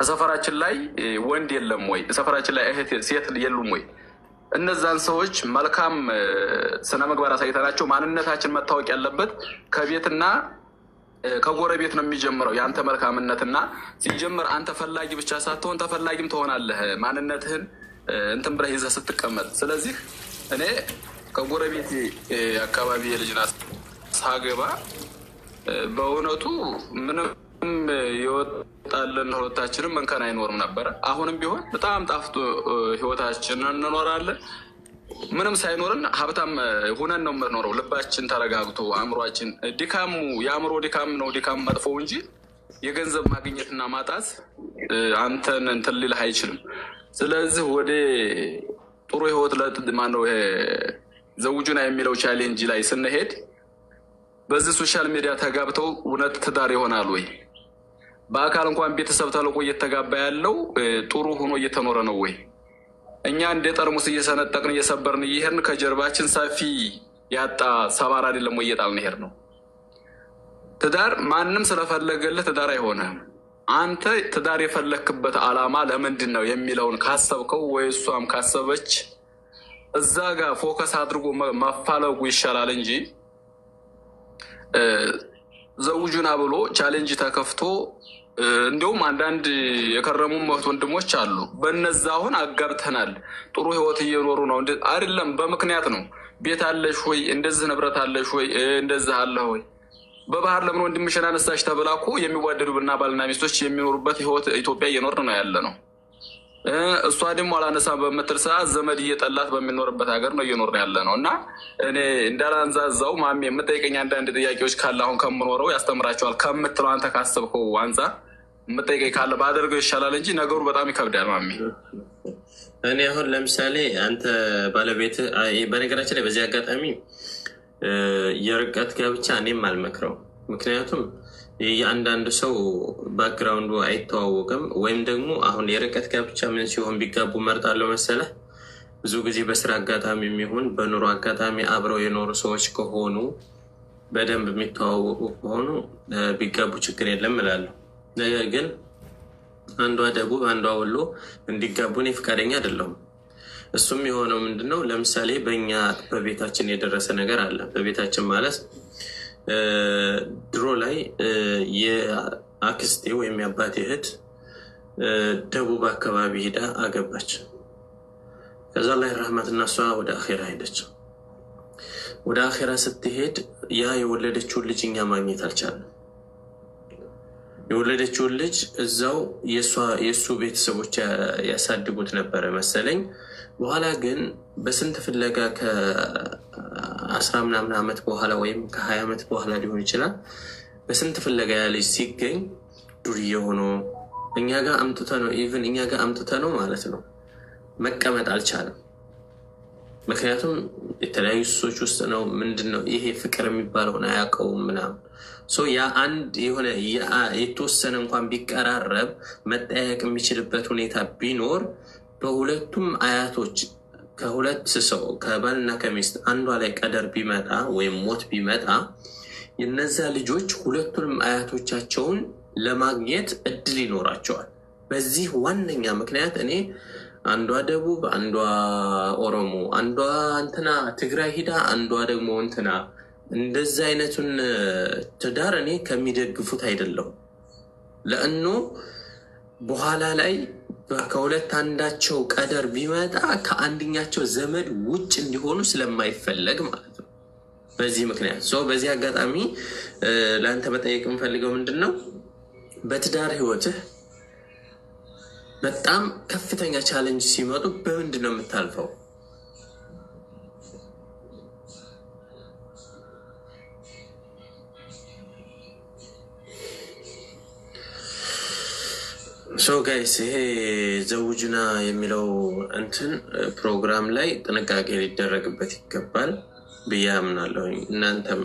ከሰፈራችን ላይ ወንድ የለም ወይ? ሰፈራችን ላይ እህት ሴት የሉም ወይ? እነዛን ሰዎች መልካም ስነ ምግባር አሳይተናቸው ማንነታችን መታወቅ ያለበት ከቤትና ከጎረቤት ነው የሚጀምረው። የአንተ መልካምነትና ሲጀምር አንተ ፈላጊ ብቻ ሳትሆን ተፈላጊም ትሆናለህ። ማንነትህን እንትን ብለህ ይዘህ ስትቀመጥ። ስለዚህ እኔ ከጎረቤት አካባቢ የልጅና ሳገባ በእውነቱ ምንም የወጣልን ህይወታችንም መንከን አይኖርም ነበረ። አሁንም ቢሆን በጣም ጣፍጦ ህይወታችንን እንኖራለን። ምንም ሳይኖርን ሀብታም ሁነን ነው የምንኖረው። ልባችን ተረጋግቶ አእምሯችን ድካሙ የአእምሮ ድካም ነው ድካም መጥፎው እንጂ የገንዘብ ማግኘትና ማጣት አንተን እንትን ሊልህ አይችልም። ስለዚህ ወደ ጥሩ ህይወት ለማነው ዘውጁና የሚለው ቻሌንጅ ላይ ስንሄድ በዚህ ሶሻል ሚዲያ ተጋብተው እውነት ትዳር ይሆናል ወይ? በአካል እንኳን ቤተሰብ ተልቆ እየተጋባ ያለው ጥሩ ሆኖ እየተኖረ ነው ወይ? እኛ እንደ ጠርሙስ እየሰነጠቅን እየሰበርን እየሄድን ከጀርባችን ሰፊ ያጣ ሰባር አይደለም ወይ እየጣልን ይሄድ ነው። ትዳር ማንም ስለፈለገልህ ትዳር አይሆንም። አንተ ትዳር የፈለክበት ዓላማ ለምንድን ነው የሚለውን ካሰብከው ወይ እሷም ካሰበች እዛ ጋር ፎከስ አድርጎ መፋለጉ ይሻላል እንጂ ዘውጁና ብሎ ቻሌንጅ ተከፍቶ እንዲሁም አንዳንድ የከረሙ ወንድሞች አሉ። በነዛ አሁን አጋብተናል። ጥሩ ህይወት እየኖሩ ነው። አይደለም በምክንያት ነው። ቤት አለሽ ወይ? እንደዚህ ንብረት አለሽ ወይ? እንደዚህ አለ ወይ? በባህር ለምን ወንድምሽን አነሳሽ ተብላ እኮ የሚዋደዱ ብና ባልና ሚስቶች የሚኖሩበት ህይወት ኢትዮጵያ እየኖር ነው ያለ ነው። እሷ ደግሞ አላነሳ በምትል ሰዓት ዘመድ እየጠላት በሚኖርበት ሀገር ነው እየኖር ያለ ነው። እና እኔ እንዳላንዛዛው ማሜ የምጠይቀኝ አንዳንድ ጥያቄዎች ካለ አሁን ከምኖረው ያስተምራቸዋል ከምትለው አንተ ካሰብከው አንጻር የምጠይቀኝ ካለ ባደርገው ይሻላል እንጂ ነገሩ በጣም ይከብዳል። ማሚ እኔ አሁን ለምሳሌ አንተ ባለቤት፣ በነገራችን ላይ በዚህ አጋጣሚ የርቀት ጋብቻ እኔም አልመክረው። ምክንያቱም የአንዳንድ ሰው ባክግራውንዱ አይተዋወቅም። ወይም ደግሞ አሁን የርቀት ጋብቻ ምን ሲሆን ቢጋቡ መርጣለሁ መሰለ ብዙ ጊዜ በስራ አጋጣሚ የሚሆን በኑሮ አጋጣሚ አብረው የኖሩ ሰዎች ከሆኑ በደንብ የሚተዋወቁ ከሆኑ ቢጋቡ ችግር የለም እላለሁ። ነገር ግን አንዷ ደቡብ አንዷ ወሎ እንዲጋቡ እኔ ፈቃደኛ አይደለሁም። እሱም የሆነው ምንድነው? ለምሳሌ በእኛ በቤታችን የደረሰ ነገር አለ። በቤታችን ማለት ድሮ ላይ የአክስቴ ወይም የአባቴ እህት ደቡብ አካባቢ ሄዳ አገባች። ከዛ ላይ ረህመት እና እሷ ወደ አኼራ ሄደች። ወደ አኼራ ስትሄድ ያ የወለደችውን ልጅ እኛ ማግኘት አልቻለም። የወለደችውን ልጅ እዛው የእሱ ቤተሰቦች ያሳድጉት ነበረ መሰለኝ። በኋላ ግን በስንት ፍለጋ ከአስራ ምናምን ዓመት በኋላ ወይም ከሀያ ዓመት በኋላ ሊሆን ይችላል። በስንት ፍለጋ ያ ልጅ ሲገኝ ዱርዬ ሆኖ እኛ ጋር አምጥተ ነው ኢቨን እኛ ጋር አምጥተ ነው ማለት ነው። መቀመጥ አልቻለም። ምክንያቱም የተለያዩ ሱሶች ውስጥ ነው። ምንድን ነው ይሄ ፍቅር የሚባለውን አያውቀውም ምናምን ያ አንድ የሆነ የተወሰነ እንኳን ቢቀራረብ መጠያየቅ የሚችልበት ሁኔታ ቢኖር በሁለቱም አያቶች ከሁለት ሰው ከባልና ከሚስት አንዷ ላይ ቀደር ቢመጣ ወይም ሞት ቢመጣ የነዛ ልጆች ሁለቱንም አያቶቻቸውን ለማግኘት እድል ይኖራቸዋል። በዚህ ዋነኛ ምክንያት እኔ አንዷ ደቡብ፣ አንዷ ኦሮሞ፣ አንዷ እንትና ትግራይ ሂዳ፣ አንዷ ደግሞ እንትና እንደዚህ አይነቱን ትዳር እኔ ከሚደግፉት አይደለም ለእኖ በኋላ ላይ ከሁለት አንዳቸው ቀደር ቢመጣ ከአንድኛቸው ዘመድ ውጭ እንዲሆኑ ስለማይፈለግ ማለት ነው። በዚህ ምክንያት ሶ በዚህ አጋጣሚ ለአንተ መጠየቅ የምፈልገው ምንድን ነው፣ በትዳር ህይወትህ በጣም ከፍተኛ ቻለንጅ ሲመጡ በምንድን ነው የምታልፈው? ሶ ጋይስ ይሄ ዘውጅና የሚለው እንትን ፕሮግራም ላይ ጥንቃቄ ሊደረግበት ይገባል ብዬ አምናለሁ። እናንተም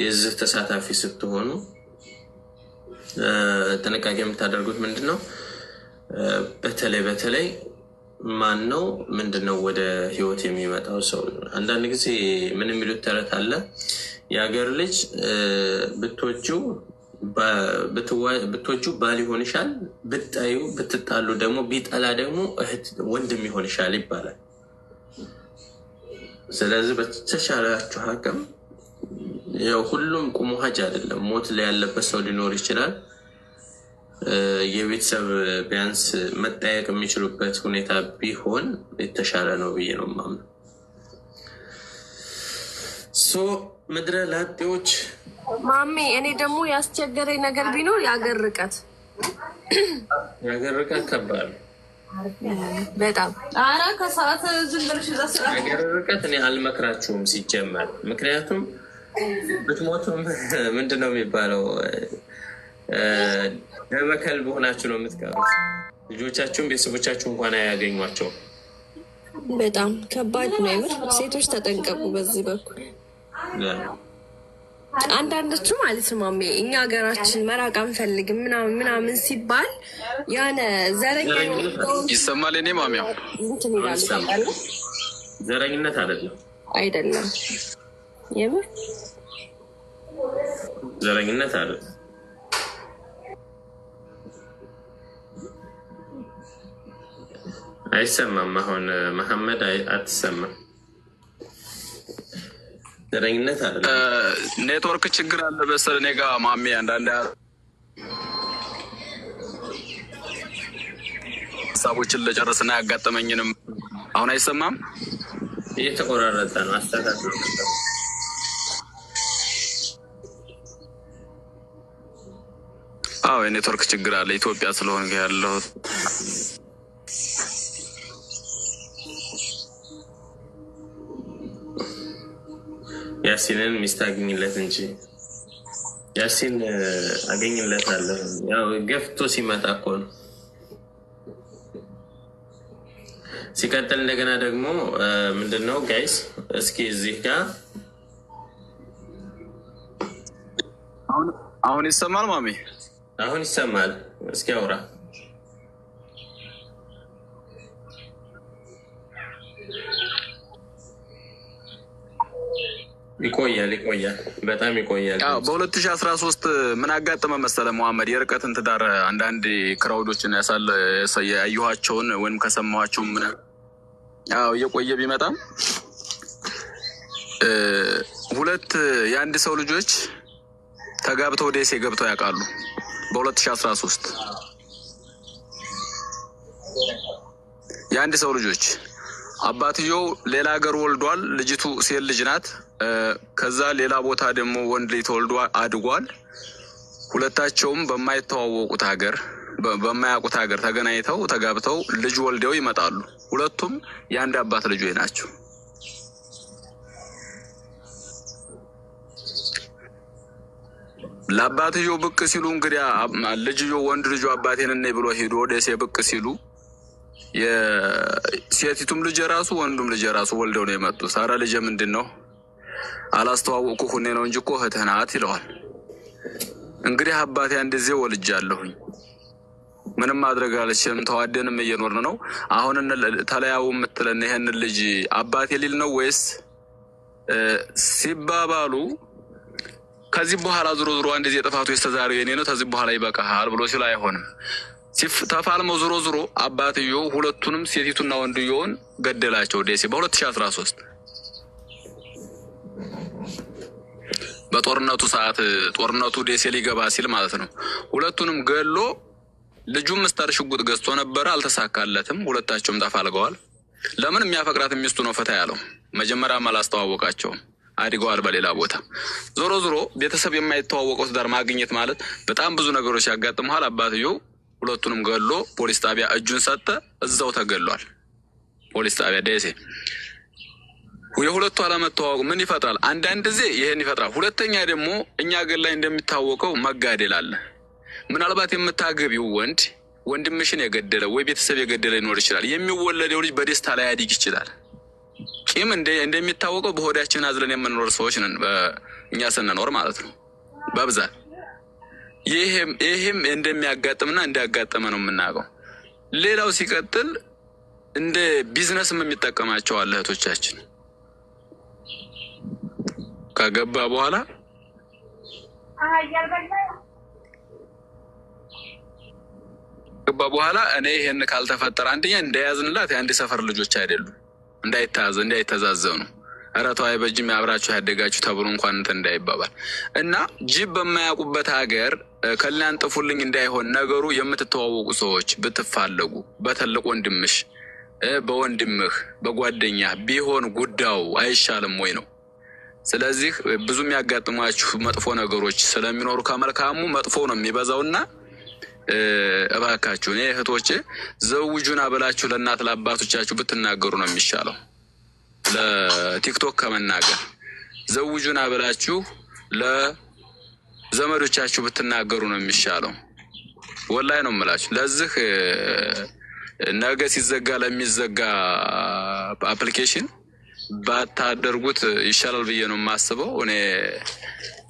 የዚህ ተሳታፊ ስትሆኑ ጥንቃቄ የምታደርጉት ምንድን ነው? በተለይ በተለይ ማን ነው ምንድን ነው ወደ ህይወት የሚመጣው ሰው። አንዳንድ ጊዜ ምን የሚሉት ተረት አለ የሀገር ልጅ ብቶችው ብትወጁ ባል ይሆንሻል፣ ብትጣዩ ብትጣሉ ደግሞ ቢጠላ ደግሞ እህት ወንድም ይሆንሻል ይባላል። ስለዚህ በተሻላችሁ አቅም ያው ሁሉም ቁሙ ሀጅ አይደለም፣ ሞት ላይ ያለበት ሰው ሊኖር ይችላል። የቤተሰብ ቢያንስ መጠየቅ የሚችሉበት ሁኔታ ቢሆን የተሻለ ነው ብዬ ነው የማምነው። ምድረ ላጤዎች ማሜ፣ እኔ ደግሞ ያስቸገረኝ ነገር ቢኖር የአገር ርቀት የአገር ርቀት ከባድ በጣም ከሰዓት ዝም ብለሽ እዛ ስራ የአገር ርቀት እኔ አልመክራችሁም ሲጀመር። ምክንያቱም ብትሞቱም ምንድን ነው የሚባለው ለመከል በሆናችሁ ነው የምትቀሩት። ልጆቻችሁን ቤተሰቦቻችሁ እንኳን አያገኟቸውም። በጣም ከባድ ነው። ሴቶች ተጠንቀቁ በዚህ በኩል አንዳንዶቹ ማለት ነው እኛ ሀገራችን መራቅ አንፈልግም ምናምን ምናምን ሲባል ያነ ዘረኛ ይሰማል። እኔ ማሚያው ዘረኝነት አይደለም አይደለም የምር ዘረኝነት አለ አይሰማም። አሁን መሐመድ አትሰማም። ዘረኝነት አለ። ኔትወርክ ችግር አለ በስር እኔ ጋ ማሚ አንዳንድ ሀሳቦችን ለጨረስና ያጋጠመኝንም አሁን አይሰማም። እየተቆራረጠ ነው። አስተካክለው ነበር። አዎ የኔትወርክ ችግር አለ ኢትዮጵያ ስለሆን ያለሁት ያሲንን ሚስት አግኝለት እንጂ ያሲን አገኝለት ያው ገፍቶ ሲመጣ እኮ ነው። ሲቀጥል እንደገና ደግሞ ምንድን ነው ጋይስ፣ እስኪ እዚህ ጋር አሁን ይሰማል። ማሜ አሁን ይሰማል። እስኪ አውራ ይቆያል ይቆያል፣ በጣም ይቆያል። በሁለት ሺ አስራ ሶስት ምን አጋጠመ መሰለ መሐመድ የርቀትን ትዳር አንዳንድ ክራውዶችን ያሳል ያየኋቸውን ወይም ከሰማኋቸው ምን እየቆየ ቢመጣም ሁለት የአንድ ሰው ልጆች ተጋብተው ደሴ ገብተው ያውቃሉ። በሁለት ሺ አስራ ሶስት የአንድ ሰው ልጆች አባትየው ሌላ ሀገር ወልዷል። ልጅቱ ሴት ልጅ ናት። ከዛ ሌላ ቦታ ደግሞ ወንድ ልጅ ተወልዶ አድጓል። ሁለታቸውም በማይተዋወቁት ሀገር በማያውቁት ሀገር ተገናኝተው ተጋብተው ልጅ ወልደው ይመጣሉ። ሁለቱም የአንድ አባት ልጆች ናቸው። ለአባትዮ ብቅ ሲሉ እንግዲያ ልጅዮ ወንድ ልጁ አባቴን ብሎ ሄዶ ደሴ ብቅ ሲሉ ሴቲቱም ልጅ የራሱ ወንዱም ልጅ የራሱ ወልደው ነው የመጡ። ሳራ ልጄ ምንድን ነው አላስተዋወቁ ሁኔ ነው እንጂ እኮ እህትህ ናት ይለዋል። እንግዲህ አባቴ አንድ ጊዜ ወልጃለሁኝ ምንም ማድረግ አልችልም። ተዋደንም እየኖርን ነው። አሁን ተለያው የምትለን ይህን ልጅ አባቴ ሊል ነው ወይስ ሲባባሉ ከዚህ በኋላ ዝሮ ዝሮ አንድ ጊዜ ጥፋቱ የስተዛሬው የኔ ነው፣ ከዚህ በኋላ ይበቃሃል ብሎ ሲል አይሆንም ተፋልመው ዞሮ ዞሮ አባትዮ ሁለቱንም ሴቲቱና ወንድየውን ገደላቸው። ደሴ በ2013 በጦርነቱ ሰዓት ጦርነቱ ደሴ ሊገባ ሲል ማለት ነው። ሁለቱንም ገሎ ልጁም ምስታር ሽጉጥ ገዝቶ ነበረ፣ አልተሳካለትም። ሁለታቸውም ተፋልገዋል። ለምን የሚያፈቅራት ሚስቱ ነው ፈታ ያለው። መጀመሪያም አላስተዋወቃቸውም፣ አድገዋል በሌላ ቦታ። ዞሮ ዞሮ ቤተሰብ የማይተዋወቀው ትዳር ማግኘት ማለት በጣም ብዙ ነገሮች ያጋጥመዋል። አባትዮው ሁለቱንም ገሎ ፖሊስ ጣቢያ እጁን ሰጠ። እዛው ተገሏል። ፖሊስ ጣቢያ ደሴ። የሁለቱ አለመተዋወቅ ምን ይፈጥራል? አንዳንድ ጊዜ ይህን ይፈጥራል። ሁለተኛ ደግሞ እኛ ገር ላይ እንደሚታወቀው መጋደል አለ። ምናልባት የምታገቢው ወንድ ወንድምሽን የገደለ ወይ ቤተሰብ የገደለ ሊኖር ይችላል። የሚወለደው ልጅ በደስታ ላይ ያድግ ይችላል። ቂም እንደሚታወቀው በሆዳችን አዝለን የምንኖር ሰዎች ነን፣ እኛ ስንኖር ማለት ነው በብዛት ይህም እንደሚያጋጥምና እንዳጋጠመ ነው የምናውቀው። ሌላው ሲቀጥል እንደ ቢዝነስም የሚጠቀማቸው አለ። እህቶቻችን ከገባ በኋላ ገባ በኋላ እኔ ይህን ካልተፈጠረ አንደኛ እንዳያዝንላት የአንድ ሰፈር ልጆች አይደሉም እንዳይተዛዘኑ እረቷ አይበጅም አብራችሁ ያደጋችሁ ተብሎ እንኳን እንትን እንዳይባባል እና ጅብ በማያውቁበት ሀገር ከሊያን ጥፉልኝ እንዳይሆን ነገሩ የምትተዋወቁ ሰዎች ብትፋለጉ በትልቅ ወንድምሽ በወንድምህ በጓደኛ ቢሆን ጉዳዩ አይሻልም ወይ ነው። ስለዚህ ብዙ የሚያጋጥሟችሁ መጥፎ ነገሮች ስለሚኖሩ ከመልካሙ መጥፎ ነው የሚበዛውና እባካችሁ እህቶቼ ዘውጁና ብላችሁ ለእናት ለአባቶቻችሁ ብትናገሩ ነው የሚሻለው። ለቲክቶክ ከመናገር ዘውጁና ብላችሁ ለዘመዶቻችሁ ብትናገሩ ነው የሚሻለው። ወላይ ነው የምላችሁ። ለዚህ ነገ ሲዘጋ ለሚዘጋ አፕሊኬሽን ባታደርጉት ይሻላል ብዬ ነው የማስበው። እኔ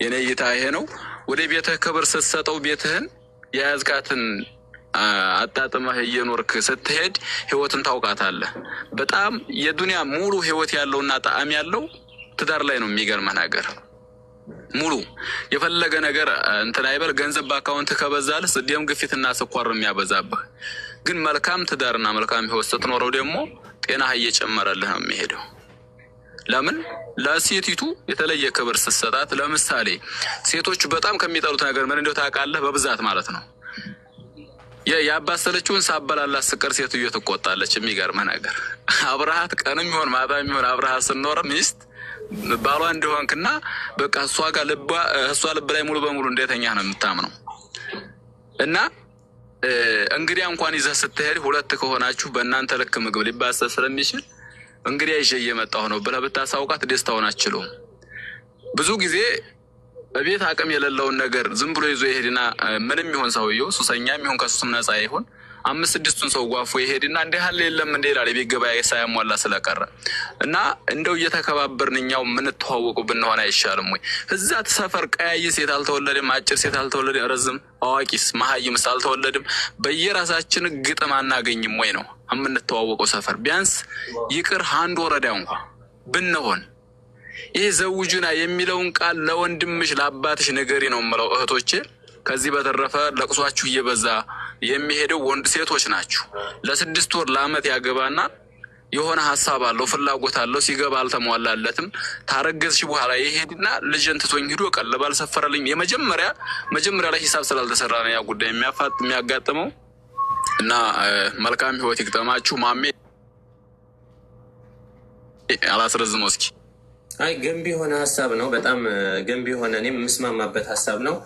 የኔ እይታ ይሄ ነው። ወደ ቤትህ ክብር ስትሰጠው ቤትህን የያዝካትን አጣጥመህ እየኖርክ ስትሄድ ህይወትን ታውቃታለህ። በጣም የዱንያ ሙሉ ህይወት ያለውና ጣዕም ያለው ትዳር ላይ ነው። የሚገርመህ ነገር ሙሉ የፈለገ ነገር እንትን አይበል፣ ገንዘብ በአካውንት ከበዛልህ ደም ግፊትና ስኳር የሚያበዛብህ ግን መልካም ትዳርና መልካም ህይወት ስትኖረው ደግሞ ጤናህ እየጨመረልህ ነው የሚሄደው። ለምን ለሴቲቱ የተለየ ክብር ስትሰጣት። ለምሳሌ ሴቶች በጣም ከሚጠሉት ነገር ምን እንደው ታውቃለህ? በብዛት ማለት ነው ያባሰለችውን ሳበላላ ስቀር ሴትዮ ትቆጣለች። የሚገርመ ነገር አብረሃት ቀንም ይሆን ማታ የሚሆን አብረሃት ስኖር ሚስት ባሏ እንደሆንክና በቃ እሷ ጋር እሷ ልብ ላይ ሙሉ በሙሉ እንደተኛ ነው የምታምነው እና እንግዲያ እንኳን ይዘህ ስትሄድ ሁለት ከሆናችሁ በእናንተ ልክ ምግብ ሊባሰ ስለሚችል እንግዲያ ይዤ እየመጣሁ ነው ብለህ ብታሳውቃት ደስታውን አችሉም። ብዙ ጊዜ በቤት አቅም የሌለውን ነገር ዝም ብሎ ይዞ ይሄድና ምንም ይሆን ሰውየው ሱሰኛ የሚሆን ከሱም ነፃ ይሆን አምስት ስድስቱን ሰው ጓፎ ይሄድና እንደ ያህል የለም እንደ ይላል። የቤት ገበያ ሳያሟላ ስለቀረ እና እንደው እየተከባበርን እኛው የምንተዋወቁ ብንሆን አይሻልም ወይ? እዛ ሰፈር ቀያይ ሴት አልተወለድም፣ አጭር ሴት አልተወለድም፣ ረዝም አዋቂስ መሀይምስ አልተወለድም። በየራሳችን ግጥም አናገኝም ወይ ነው የምንተዋወቀው ሰፈር ቢያንስ ይቅር አንድ ወረዳ እንኳ ብንሆን ይህ ዘውጁና የሚለውን ቃል ለወንድምሽ ለአባትሽ ንገሪ ነው የምለው እህቶቼ። ከዚህ በተረፈ ለቅሷችሁ እየበዛ የሚሄደው ወንድ ሴቶች ናችሁ። ለስድስት ወር ለአመት ያገባና የሆነ ሀሳብ አለው ፍላጎት አለው ሲገባ አልተሟላለትም። ታረገዝሽ በኋላ ይሄድና ልጅን ትቶኝ ሂዶ ቀለብ አልሰፈረልኝ። የመጀመሪያ መጀመሪያ ላይ ሂሳብ ስላልተሰራ ነው ያ ጉዳይ የሚያጋጥመው እና መልካም ህይወት ይግጠማችሁ። ማሜ አላስረዝመው እስኪ አይ ገንቢ የሆነ ሀሳብ ነው። በጣም ገንቢ የሆነ እኔም የምስማማበት ሀሳብ ነው።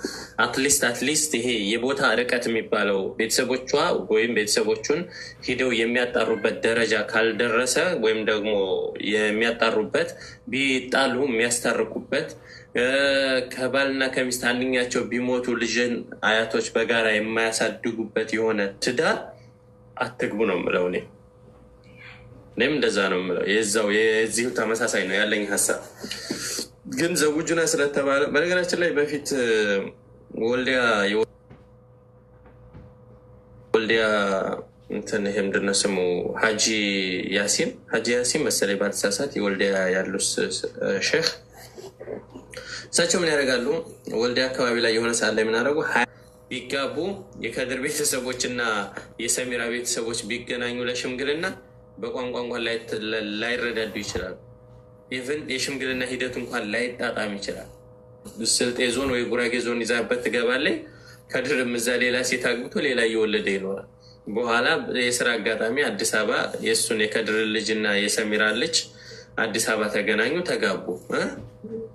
አትሊስት አትሊስት ይሄ የቦታ ርቀት የሚባለው ቤተሰቦቿ ወይም ቤተሰቦቹን ሂደው የሚያጣሩበት ደረጃ ካልደረሰ ወይም ደግሞ የሚያጣሩበት ቢጣሉ የሚያስታርቁበት ከባልና ከሚስት አንደኛቸው ቢሞቱ ልጅን አያቶች በጋራ የማያሳድጉበት የሆነ ትዳር አትግቡ ነው የምለው እኔ። እኔም እንደዛ ነው የምለው። የዛው የዚሁ ተመሳሳይ ነው ያለኝ ሀሳብ። ግን ዘውጁና ስለተባለ በነገራችን ላይ በፊት ወልዲያ ወልዲያ እንትን ይሄ ምንድን ነው ስሙ ሀጂ ያሲን ሀጂ ያሲን መሰለኝ ባልተሳሳት፣ የወልዲያ ያሉት ሼህ እሳቸው ምን ያደርጋሉ? ወልዲያ አካባቢ ላይ የሆነ ሰዓት ላይ የምናደርጉ ቢጋቡ የከድር ቤተሰቦች እና የሰሚራ ቤተሰቦች ቢገናኙ ለሽምግልና በቋንቋ እንኳን ላይረዳዱ ይችላሉ። ኢቨን የሽምግልና ሂደት እንኳን ላይጣጣም ይችላል። ስልጤ ዞን ወይ ጉራጌ ዞን ይዛበት ትገባለች። ከድርም እዛ ሌላ ሴት አግብቶ ሌላ እየወለደ ይኖራል። በኋላ የስራ አጋጣሚ አዲስ አበባ የእሱን የከድር ልጅና የሰሚራ ልጅ አዲስ አበባ ተገናኙ፣ ተጋቡ።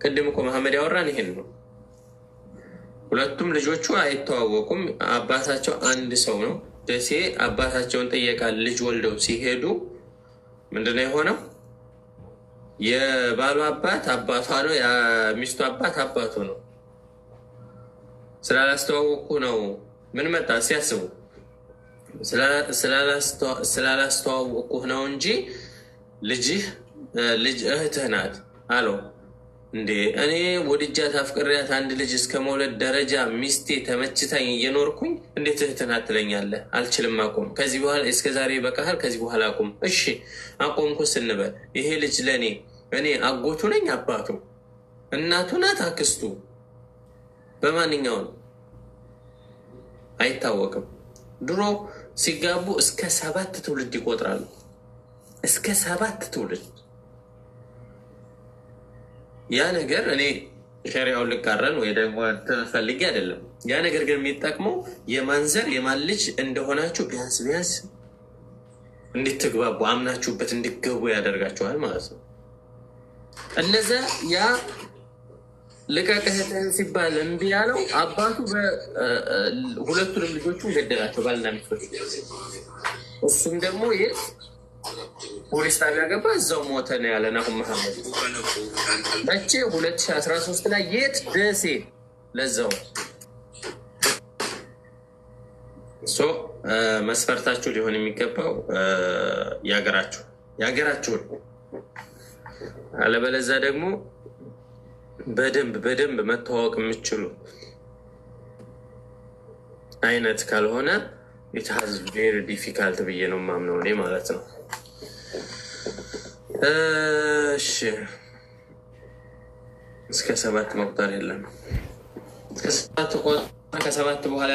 ቅድም እኮ መሐመድ ያወራን ይሄን ነው። ሁለቱም ልጆቹ አይተዋወቁም። አባታቸው አንድ ሰው ነው። ደሴ አባታቸውን ጠየቃል። ልጅ ወልደው ሲሄዱ ምንድነው የሆነው? የባሉ አባት አባቷ ነው፣ የሚስቱ አባት አባቱ ነው። ስላላስተዋወቅኩ ነው። ምን መጣ ሲያስቡ ስላላስተዋወቅኩህ ነው እንጂ ልጅህ እህትህ ናት አለው። እንዴ እኔ ወድጃት አፍቅሬያት አንድ ልጅ እስከ መውለድ ደረጃ ሚስቴ ተመችታኝ እየኖርኩኝ እንዴት እህትን አትለኛለህ? አልችልም፣ አቁም። ከዚህ በኋላ ዛሬ በቃህል፣ ከዚህ በኋላ አቁም። እሺ አቆምኩ ስንበል ይሄ ልጅ ለእኔ እኔ አጎቱ ነኝ፣ አባቱ፣ እናቱ ናት፣ አክስቱ በማንኛው ነው አይታወቅም። ድሮ ሲጋቡ እስከ ሰባት ትውልድ ይቆጥራሉ። እስከ ሰባት ትውልድ ያ ነገር እኔ ሸሪያውን ልቃረን ወይ ደግሞ ተፈልጌ አይደለም። ያ ነገር ግን የሚጠቅመው የማንዘር የማን ልጅ እንደሆናችሁ ቢያንስ ቢያንስ እንድትግባቡ አምናችሁበት እንድገቡ ያደርጋችኋል ማለት ነው። እነዚያ ያ ልቀቅህትህን ሲባል እምቢ ያለው አባቱ ሁለቱንም ልጆቹን ገደላቸው፣ ባልና ሚስቶች እሱም ደግሞ ፖሊስ ጣቢያ ገባ፣ እዛው ሞተ ነው ያለን። አሁን መሐመድ መቼ 2013 ላይ የት ደሴ፣ ለዛው ሶ መስፈርታችሁ ሊሆን የሚገባው ያገራችሁ ያገራችሁን፣ አለበለዛ ደግሞ በደንብ በደንብ መተዋወቅ የምችሉ አይነት ካልሆነ ኢት ቬሪ ዲፊካልት ብዬ ነው የማምነው እኔ ማለት ነው። እሺ እስከ ሰባት መቁጠር የለም። እስከ ሰባት ከሰባት በኋላ